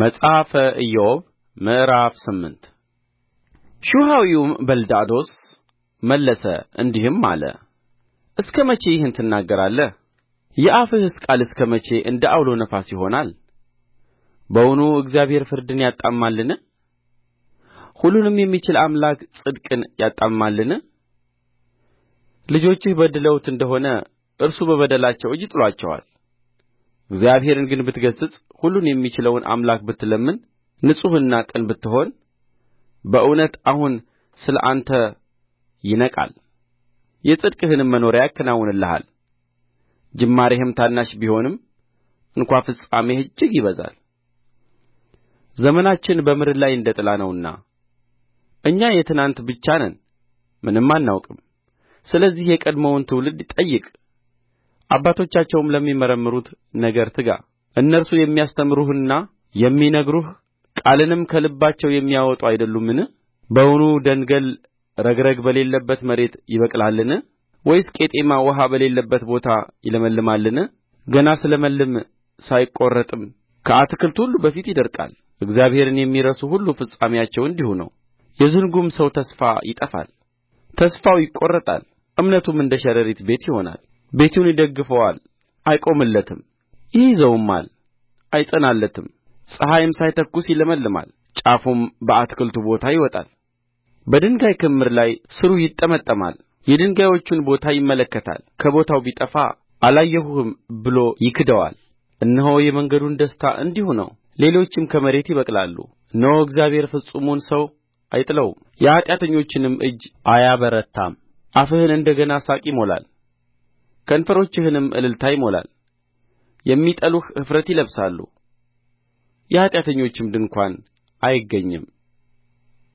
መጽሐፈ ኢዮብ ምዕራፍ ስምንት ሹሐዊውም በልዳዶስ መለሰ እንዲህም አለ እስከ መቼ ይህን ትናገራለህ የአፍህስ ቃል እስከ መቼ እንደ ዐውሎ ነፋስ ይሆናል በውኑ እግዚአብሔር ፍርድን ያጣምማልን ሁሉንም የሚችል አምላክ ጽድቅን ያጣምማልን ልጆችህ በድለውት እንደሆነ እርሱ በበደላቸው እጅ ጥሎአቸዋል እግዚአብሔርን ግን ብትገሥጽ ሁሉን የሚችለውን አምላክ ብትለምን ንጹሕና ቅን ብትሆን በእውነት አሁን ስለ አንተ ይነቃል የጽድቅህንም መኖሪያ ያከናውንልሃል ጅማሬህም ታናሽ ቢሆንም እንኳ ፍጻሜህ እጅግ ይበዛል ዘመናችን በምድር ላይ እንደ ጥላ ነውና እኛ የትናንት ብቻ ነን ምንም አናውቅም ስለዚህ የቀድሞውን ትውልድ ጠይቅ አባቶቻቸውም ለሚመረምሩት ነገር ትጋ እነርሱ የሚያስተምሩህና የሚነግሩህ ቃልንም ከልባቸው የሚያወጡ አይደሉምን በውኑ ደንገል ረግረግ በሌለበት መሬት ይበቅላልን ወይስ ቄጤማ ውኃ በሌለበት ቦታ ይለመልማልን ገና ስለመልም ሳይቈረጥም ከአትክልት ሁሉ በፊት ይደርቃል እግዚአብሔርን የሚረሱ ሁሉ ፍጻሜያቸው እንዲሁ ነው የዝንጉም ሰው ተስፋ ይጠፋል ተስፋው ይቈረጣል እምነቱም እንደ ሸረሪት ቤት ይሆናል ቤቱን ይደግፈዋል አይቆምለትም ይይዘውማል አይጸናለትም ፀሐይም ሳይተኵስ ይለመልማል ጫፉም በአትክልቱ ቦታ ይወጣል በድንጋይ ክምር ላይ ሥሩ ይጠመጠማል የድንጋዮቹን ቦታ ይመለከታል ከቦታው ቢጠፋ አላየሁህም ብሎ ይክደዋል እነሆ የመንገዱን ደስታ እንዲሁ ነው ሌሎችም ከመሬት ይበቅላሉ እነሆ እግዚአብሔር ፍጹሙን ሰው አይጥለውም የኃጢአተኞችንም እጅ አያበረታም አፍህን እንደ ገና ሳቅ ይሞላል ከንፈሮችህንም እልልታ ይሞላል የሚጠሉህ እፍረት ይለብሳሉ የኃጢአተኞችም ድንኳን አይገኝም